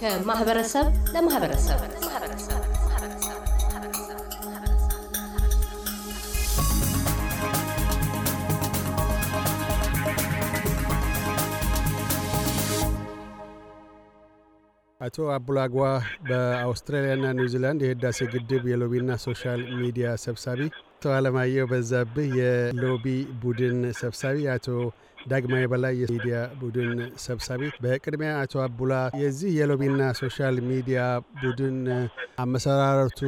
ከማህበረሰብ ለማህበረሰብ አቶ አቡላጓ በአውስትራሊያና ኒውዚላንድ የህዳሴ ግድብ የሎቢና ሶሻል ሚዲያ ሰብሳቢ አቶ አለማየሁ በዛብህ የሎቢ ቡድን ሰብሳቢ፣ አቶ ዳግማዊ በላይ የሚዲያ ቡድን ሰብሳቢ። በቅድሚያ አቶ አቡላ የዚህ የሎቢና ሶሻል ሚዲያ ቡድን አመሰራረቱ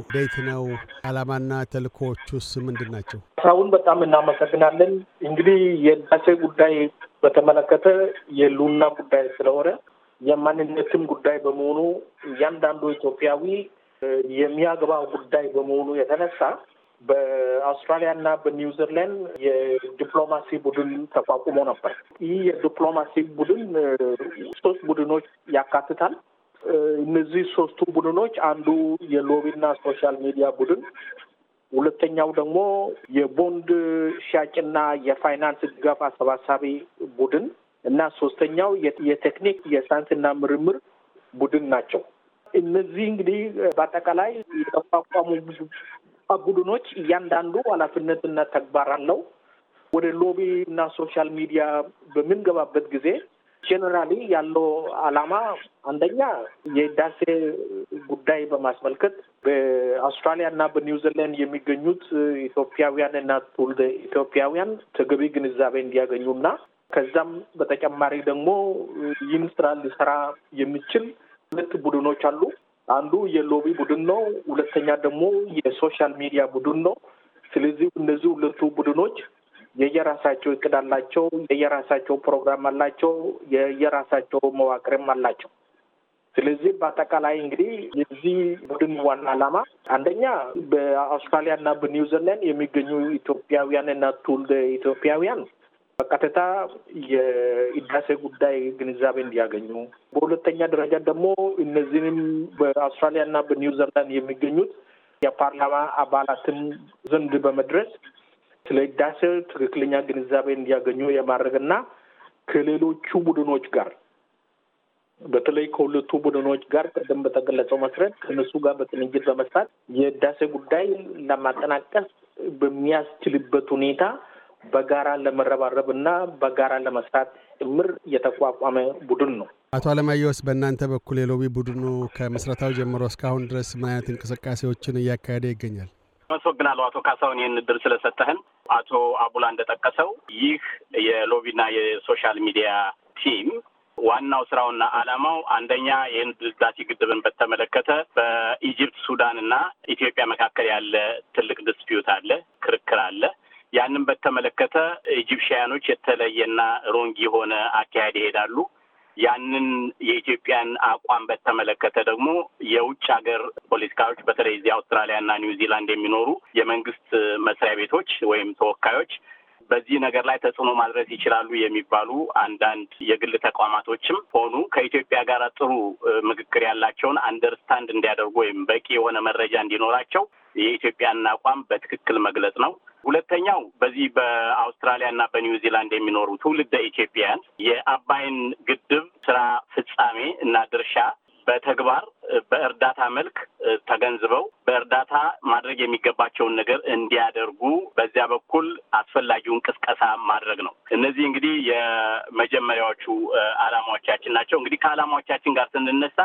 እንዴት ነው? አላማና ተልእኮዎቹስ ምንድን ናቸው? ስራውን በጣም እናመሰግናለን። እንግዲህ የዳሴ ጉዳይ በተመለከተ የሉና ጉዳይ ስለሆነ የማንነትም ጉዳይ በመሆኑ እያንዳንዱ ኢትዮጵያዊ የሚያገባው ጉዳይ በመሆኑ የተነሳ በአውስትራሊያ እና በኒውዚላንድ የዲፕሎማሲ ቡድን ተቋቁሞ ነበር። ይህ የዲፕሎማሲ ቡድን ሶስት ቡድኖች ያካትታል። እነዚህ ሶስቱ ቡድኖች አንዱ የሎቢና ሶሻል ሚዲያ ቡድን፣ ሁለተኛው ደግሞ የቦንድ ሻጭና የፋይናንስ ድጋፍ አሰባሳቢ ቡድን እና ሶስተኛው የቴክኒክ የሳይንስና ምርምር ቡድን ናቸው። እነዚህ እንግዲህ በአጠቃላይ የተቋቋሙ ቡድኖች እያንዳንዱ ኃላፊነትና ተግባር አለው። ወደ ሎቢ እና ሶሻል ሚዲያ በምንገባበት ጊዜ ጀነራሊ ያለው አላማ አንደኛ የህዳሴ ጉዳይ በማስመልከት በአውስትራሊያ እና በኒውዚላንድ የሚገኙት ኢትዮጵያውያን እና ትውልደ ኢትዮጵያውያን ተገቢ ግንዛቤ እንዲያገኙ እና ከዛም በተጨማሪ ደግሞ ይህን ስራ ሊሰራ የሚችል ሁለት ቡድኖች አሉ። አንዱ የሎቢ ቡድን ነው፣ ሁለተኛ ደግሞ የሶሻል ሚዲያ ቡድን ነው። ስለዚህ እነዚህ ሁለቱ ቡድኖች የየራሳቸው እቅድ አላቸው፣ የየራሳቸው ፕሮግራም አላቸው፣ የየራሳቸው መዋቅርም አላቸው። ስለዚህ በአጠቃላይ እንግዲህ የዚህ ቡድን ዋና ዓላማ አንደኛ በአውስትራሊያ እና በኒውዚላንድ የሚገኙ ኢትዮጵያውያን እና ትውልደ ኢትዮጵያውያን በቀጥታ የህዳሴ ጉዳይ ግንዛቤ እንዲያገኙ፣ በሁለተኛ ደረጃ ደግሞ እነዚህንም በአውስትራሊያ እና በኒውዚላንድ የሚገኙት የፓርላማ አባላትም ዘንድ በመድረስ ስለ ህዳሴ ትክክለኛ ግንዛቤ እንዲያገኙ የማድረግና ከሌሎቹ ቡድኖች ጋር በተለይ ከሁለቱ ቡድኖች ጋር ቅድም በተገለጸው መሰረት ከነሱ ጋር በቅንጅት በመስራት የህዳሴ ጉዳይ ለማጠናቀስ በሚያስችልበት ሁኔታ በጋራ ለመረባረብ እና በጋራ ለመስራት ጭምር የተቋቋመ ቡድን ነው። አቶ አለማየሁስ በእናንተ በኩል የሎቢ ቡድኑ ከምስረታው ጀምሮ እስካሁን ድረስ ምን አይነት እንቅስቃሴዎችን እያካሄደ ይገኛል? አመሰግናለሁ አቶ ካሳሁን ይህን እድል ስለሰጠህን። አቶ አቡላ እንደጠቀሰው ይህ የሎቢና የሶሻል ሚዲያ ቲም ዋናው ስራውና አላማው አንደኛ ይህን ህዳሴ ግድብን በተመለከተ በኢጅፕት ሱዳንና ኢትዮጵያ መካከል ያለ ትልቅ ዲስፒዩት አለ፣ ክርክር አለ። ያንን በተመለከተ ኢጂፕሽያኖች የተለየና ሮንግ የሆነ አካሄድ ይሄዳሉ። ያንን የኢትዮጵያን አቋም በተመለከተ ደግሞ የውጭ ሀገር ፖለቲካዎች በተለይ እዚህ አውስትራሊያና ኒውዚላንድ የሚኖሩ የመንግስት መስሪያ ቤቶች ወይም ተወካዮች በዚህ ነገር ላይ ተጽዕኖ ማድረስ ይችላሉ የሚባሉ አንዳንድ የግል ተቋማቶችም ሆኑ ከኢትዮጵያ ጋር ጥሩ ምክክር ያላቸውን አንደርስታንድ እንዲያደርጉ ወይም በቂ የሆነ መረጃ እንዲኖራቸው የኢትዮጵያን አቋም በትክክል መግለጽ ነው። ሁለተኛው በዚህ በአውስትራሊያ እና በኒውዚላንድ የሚኖሩ ትውልደ ኢትዮጵያውያን የአባይን ግድብ ስራ ፍጻሜ እና ድርሻ በተግባር በእርዳታ መልክ ተገንዝበው በእርዳታ ማድረግ የሚገባቸውን ነገር እንዲያደርጉ በዚያ በኩል አስፈላጊውን ቅስቀሳ ማድረግ ነው። እነዚህ እንግዲህ የመጀመሪያዎቹ አላማዎቻችን ናቸው። እንግዲህ ከአላማዎቻችን ጋር ስንነሳ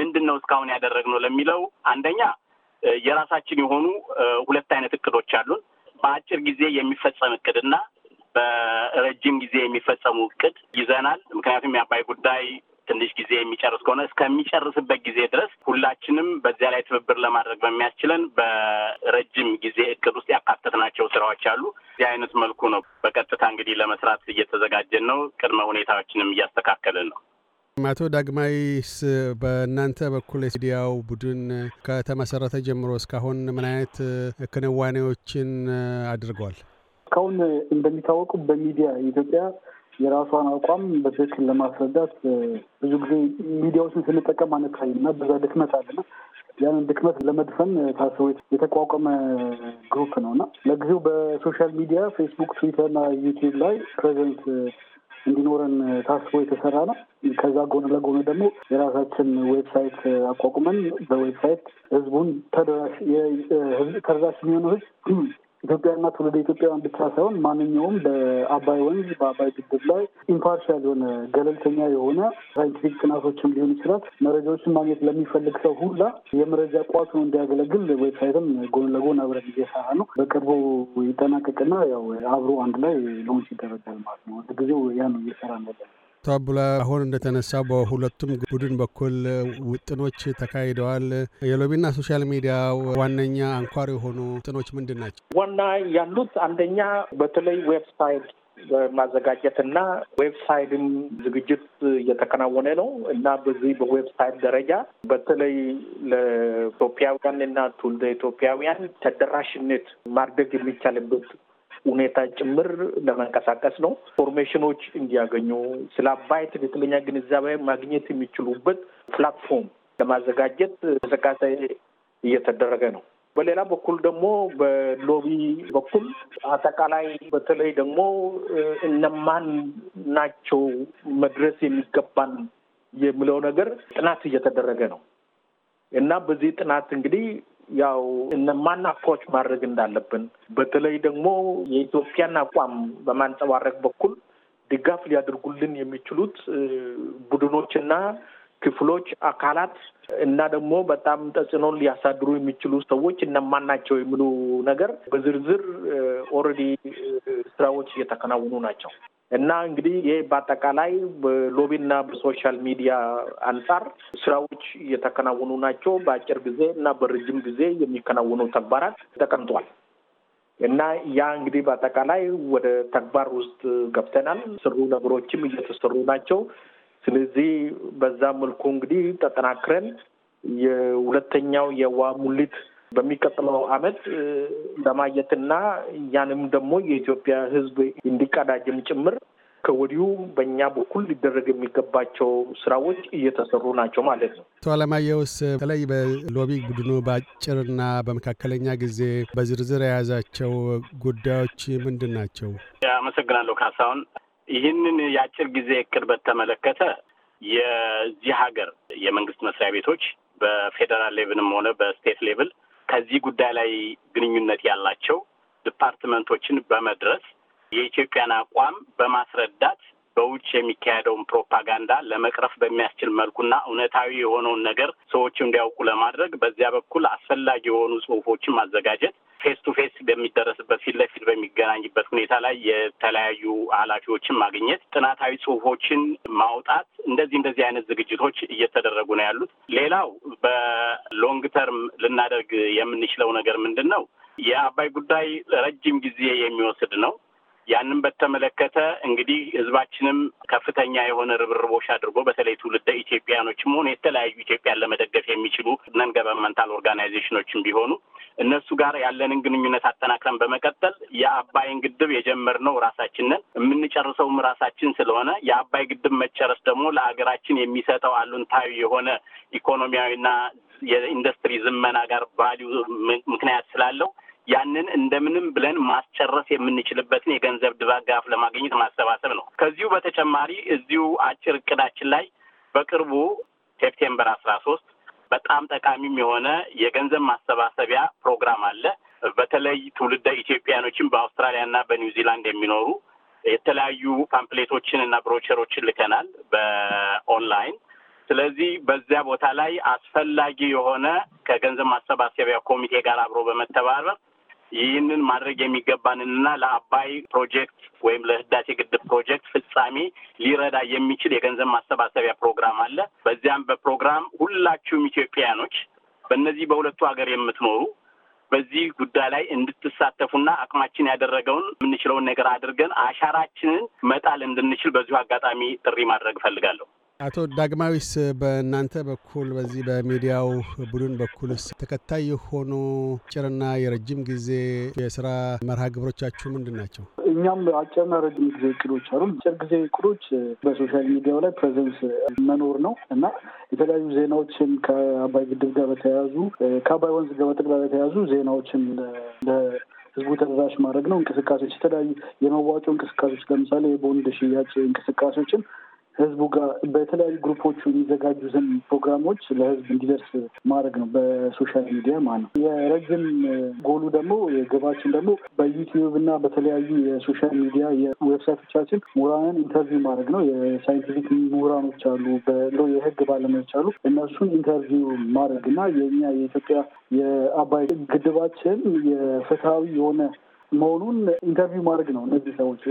ምንድን ነው እስካሁን ያደረግነው ለሚለው አንደኛ የራሳችን የሆኑ ሁለት አይነት እቅዶች አሉን። በአጭር ጊዜ የሚፈጸም እቅድና በረጅም ጊዜ የሚፈጸሙ እቅድ ይዘናል። ምክንያቱም የአባይ ጉዳይ ትንሽ ጊዜ የሚጨርስ ከሆነ እስከሚጨርስበት ጊዜ ድረስ ሁላችንም በዚያ ላይ ትብብር ለማድረግ በሚያስችለን በረጅም ጊዜ እቅድ ውስጥ ያካተትናቸው ስራዎች አሉ። እዚህ አይነት መልኩ ነው በቀጥታ እንግዲህ ለመስራት እየተዘጋጀን ነው። ቅድመ ሁኔታዎችንም እያስተካከልን ነው። አቶ ዳግማይስ በእናንተ በኩል የሚዲያው ቡድን ከተመሰረተ ጀምሮ እስካሁን ምን አይነት ክንዋኔዎችን አድርጓል? እስካሁን እንደሚታወቁ በሚዲያ ኢትዮጵያ የራሷን አቋም በትክክል ለማስረዳት ብዙ ጊዜ ሚዲያዎችን ስንጠቀም አነታይ እና ብዛ ድክመት አለና ያንን ድክመት ለመድፈን ታስቦ የተቋቋመ ግሩፕ ነው እና ለጊዜው በሶሻል ሚዲያ ፌስቡክ፣ ትዊተር እና ዩቲዩብ ላይ ፕሬዘንት እንዲኖረን ታስቦ የተሰራ ነው። ከዛ ጎን ለጎን ደግሞ የራሳችን ዌብሳይት አቋቁመን በዌብሳይት ህዝቡን ተደራሽ ተደራሽ የሚሆነው ህዝብ ኢትዮጵያና ትውልደ ኢትዮጵያውያን ብቻ ሳይሆን ማንኛውም በአባይ ወንዝ በአባይ ግድብ ላይ ኢምፓርሻል የሆነ ገለልተኛ የሆነ ሳይንቲፊክ ጥናቶችም ሊሆን ይችላል መረጃዎችን ማግኘት ለሚፈልግ ሰው ሁላ የመረጃ ቋቱ እንዲያገለግል ዌብሳይትም ጎን ለጎን አብረን እየሰራ ነው። በቅርቡ ይጠናቀቅና ያው አብሮ አንድ ላይ ሎንች ይደረጋል ማለት ነው። ጊዜው ያ ነው እየሰራ ነው። አቶ አቡላ አሁን እንደተነሳ በሁለቱም ቡድን በኩል ውጥኖች ተካሂደዋል። የሎቢና ሶሻል ሚዲያ ዋነኛ አንኳር የሆኑ ውጥኖች ምንድን ናቸው? ዋና ያሉት አንደኛ በተለይ ዌብሳይት በማዘጋጀት እና ዌብሳይትም ዝግጅት እየተከናወነ ነው እና በዚህ በዌብሳይት ደረጃ በተለይ ለኢትዮጵያውያን እና ትውልደ ኢትዮጵያውያን ተደራሽነት ማድረግ የሚቻልበት ሁኔታ ጭምር ለመንቀሳቀስ ነው። ኢንፎርሜሽኖች እንዲያገኙ ስለ አባይ ትክክለኛ ግንዛቤ ማግኘት የሚችሉበት ፕላትፎርም ለማዘጋጀት እንቅስቃሴ እየተደረገ ነው። በሌላ በኩል ደግሞ በሎቢ በኩል አጠቃላይ በተለይ ደግሞ እነማን ናቸው መድረስ የሚገባን የሚለው ነገር ጥናት እየተደረገ ነው እና በዚህ ጥናት እንግዲህ ያው እነማን አፕሮች ማድረግ እንዳለብን በተለይ ደግሞ የኢትዮጵያን አቋም በማንጸባረቅ በኩል ድጋፍ ሊያደርጉልን የሚችሉት ቡድኖችና ክፍሎች፣ አካላት እና ደግሞ በጣም ተጽዕኖን ሊያሳድሩ የሚችሉ ሰዎች እነማን ናቸው የሚሉ ነገር በዝርዝር ኦልሬዲ ስራዎች እየተከናወኑ ናቸው። እና እንግዲህ ይህ በአጠቃላይ በሎቢና በሶሻል ሚዲያ አንጻር ስራዎች እየተከናወኑ ናቸው። በአጭር ጊዜ እና በረጅም ጊዜ የሚከናወኑ ተግባራት ተቀምጧል። እና ያ እንግዲህ በአጠቃላይ ወደ ተግባር ውስጥ ገብተናል። ስሩ ነገሮችም እየተሰሩ ናቸው። ስለዚህ በዛ መልኩ እንግዲህ ተጠናክረን የሁለተኛው የውሃ ሙሊት በሚቀጥለው አመት ለማየትና እኛንም ደግሞ የኢትዮጵያ ህዝብ እንዲቀዳጅም ጭምር ከወዲሁ በእኛ በኩል ሊደረግ የሚገባቸው ስራዎች እየተሰሩ ናቸው ማለት ነው። አቶ አለማየሁስ በተለይ በሎቢ ቡድኑ በአጭርና በመካከለኛ ጊዜ በዝርዝር የያዛቸው ጉዳዮች ምንድን ናቸው? አመሰግናለሁ ካሳሁን። ይህንን የአጭር ጊዜ እቅድ በተመለከተ የዚህ ሀገር የመንግስት መስሪያ ቤቶች በፌዴራል ሌቭልም ሆነ በስቴት ሌቭል ከዚህ ጉዳይ ላይ ግንኙነት ያላቸው ዲፓርትመንቶችን በመድረስ የኢትዮጵያን አቋም በማስረዳት በውጭ የሚካሄደውን ፕሮፓጋንዳ ለመቅረፍ በሚያስችል መልኩና እውነታዊ የሆነውን ነገር ሰዎች እንዲያውቁ ለማድረግ በዚያ በኩል አስፈላጊ የሆኑ ጽሁፎችን ማዘጋጀት ፌስ ቱ ፌስ በሚደረስበት ፊት ለፊት በሚገናኝበት ሁኔታ ላይ የተለያዩ ኃላፊዎችን ማግኘት፣ ጥናታዊ ጽሁፎችን ማውጣት፣ እንደዚህ እንደዚህ አይነት ዝግጅቶች እየተደረጉ ነው ያሉት። ሌላው በሎንግ ተርም ልናደርግ የምንችለው ነገር ምንድን ነው? የአባይ ጉዳይ ረጅም ጊዜ የሚወስድ ነው። ያንን በተመለከተ እንግዲህ ህዝባችንም ከፍተኛ የሆነ ርብርቦች አድርጎ በተለይ ትውልደ ኢትዮጵያኖችም ሆነ የተለያዩ ኢትዮጵያን ለመደገፍ የሚችሉ ነን ገቨርንመንታል ኦርጋናይዜሽኖችም ቢሆኑ እነሱ ጋር ያለንን ግንኙነት አጠናክረን በመቀጠል የአባይን ግድብ የጀመርነው ራሳችንን የምንጨርሰውም ራሳችን ስለሆነ የአባይ ግድብ መጨረስ ደግሞ ለሀገራችን የሚሰጠው አሉንታዊ የሆነ ኢኮኖሚያዊና የኢንዱስትሪ ዝመና ጋር ቫሊዩ ምክንያት ስላለው ያንን እንደምንም ብለን ማስጨረስ የምንችልበትን የገንዘብ ድጋፍ ለማግኘት ማሰባሰብ ነው። ከዚሁ በተጨማሪ እዚሁ አጭር እቅዳችን ላይ በቅርቡ ሴፕቴምበር አስራ ሶስት በጣም ጠቃሚም የሆነ የገንዘብ ማሰባሰቢያ ፕሮግራም አለ። በተለይ ትውልደ ኢትዮጵያኖችን በአውስትራሊያና በኒውዚላንድ የሚኖሩ የተለያዩ ፓምፕሌቶችን እና ብሮቸሮችን ልከናል በኦንላይን። ስለዚህ በዚያ ቦታ ላይ አስፈላጊ የሆነ ከገንዘብ ማሰባሰቢያ ኮሚቴ ጋር አብሮ በመተባበር ይህንን ማድረግ የሚገባንንና ለአባይ ፕሮጀክት ወይም ለህዳሴ ግድብ ፕሮጀክት ፍጻሜ ሊረዳ የሚችል የገንዘብ ማሰባሰቢያ ፕሮግራም አለ። በዚያም በፕሮግራም ሁላችሁም ኢትዮጵያውያኖች በእነዚህ በሁለቱ ሀገር የምትኖሩ በዚህ ጉዳይ ላይ እንድትሳተፉና አቅማችን ያደረገውን የምንችለውን ነገር አድርገን አሻራችንን መጣል እንድንችል በዚሁ አጋጣሚ ጥሪ ማድረግ እፈልጋለሁ። አቶ ዳግማዊስ በእናንተ በኩል በዚህ በሚዲያው ቡድን በኩልስ ተከታይ የሆኑ አጭርና የረጅም ጊዜ የስራ መርሃ ግብሮቻችሁ ምንድን ናቸው? እኛም አጭርና ረጅም ጊዜ እቅዶች አሉ። አጭር ጊዜ እቅዶች በሶሻል ሚዲያው ላይ ፕሬዘንስ መኖር ነው እና የተለያዩ ዜናዎችን ከአባይ ግድብ ጋር በተያያዙ ከአባይ ወንዝ ጋር በጠቅላላ ዜናዎችን ህዝቡ ተደራሽ ማድረግ ነው። እንቅስቃሴዎች የተለያዩ የመዋጮ እንቅስቃሴዎች ለምሳሌ የቦንድ ሽያጭ እንቅስቃሴዎችን ህዝቡ ጋር በተለያዩ ግሩፖቹ የሚዘጋጁ ዘን ፕሮግራሞች ለህዝብ እንዲደርስ ማድረግ ነው፣ በሶሻል ሚዲያ ማለት ነው። የረጅም ጎሉ ደግሞ ግባችን ደግሞ በዩቲዩብ እና በተለያዩ የሶሻል ሚዲያ የዌብሳይቶቻችን ምሁራንን ኢንተርቪው ማድረግ ነው። የሳይንቲፊክ ምሁራኖች አሉ፣ የህግ ባለሙያዎች አሉ። እነሱን ኢንተርቪው ማድረግ እና የኛ የኢትዮጵያ የአባይ ግድባችን የፍትሐዊ የሆነ መሆኑን ኢንተርቪው ማድረግ ነው እነዚህ ሰዎች።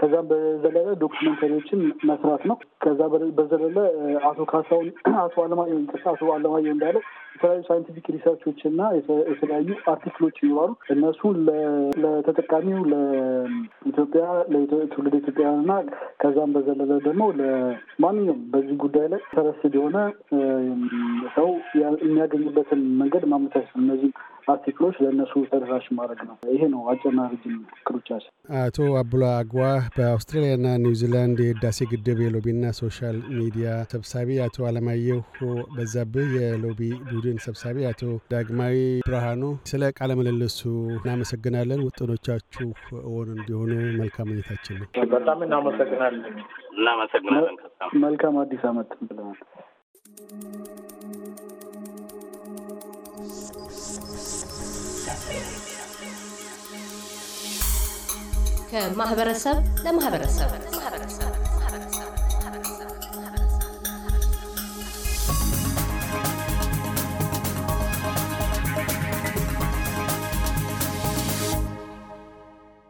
ከዛም በዘለለ ዶክመንተሪዎችን መስራት ነው። ከዛ በዘለለ አቶ ካሳሁን አቶ አለማየሁ አቶ አለማየሁ እንዳለው የተለያዩ ሳይንቲፊክ ሪሰርቾች እና የተለያዩ አርቲክሎች ይኖራሉ። እነሱ ለተጠቃሚው ለኢትዮጵያ ለትውልድ ኢትዮጵያውያን እና ከዛም በዘለለ ደግሞ ለማንኛውም በዚህ ጉዳይ ላይ ተረስድ የሆነ ሰው የሚያገኝበትን መንገድ ማመቻቸት እነዚህ አርቲክሎች ለእነሱ ተደራሽ ማድረግ ነው። ይሄ ነው አጭርና ረጅም አቶ አቡላ አግዋ በአውስትራሊያና ኒውዚላንድ የህዳሴ ግድብ የሎቢና ሶሻል ሚዲያ ሰብሳቢ፣ አቶ አለማየሁ በዛብህ የሎቢ ቡድን ቡድን ሰብሳቢ አቶ ዳግማዊ ብርሃኑ ስለ ቃለ ምልልሱ እናመሰግናለን። ውጥኖቻችሁ እውን እንዲሆኑ መልካም ሁኔታችን ነው። በጣም እናመሰግናለን። እናመሰግናለን። መልካም አዲስ አመት ብለናል። ከማህበረሰብ ለማህበረሰብ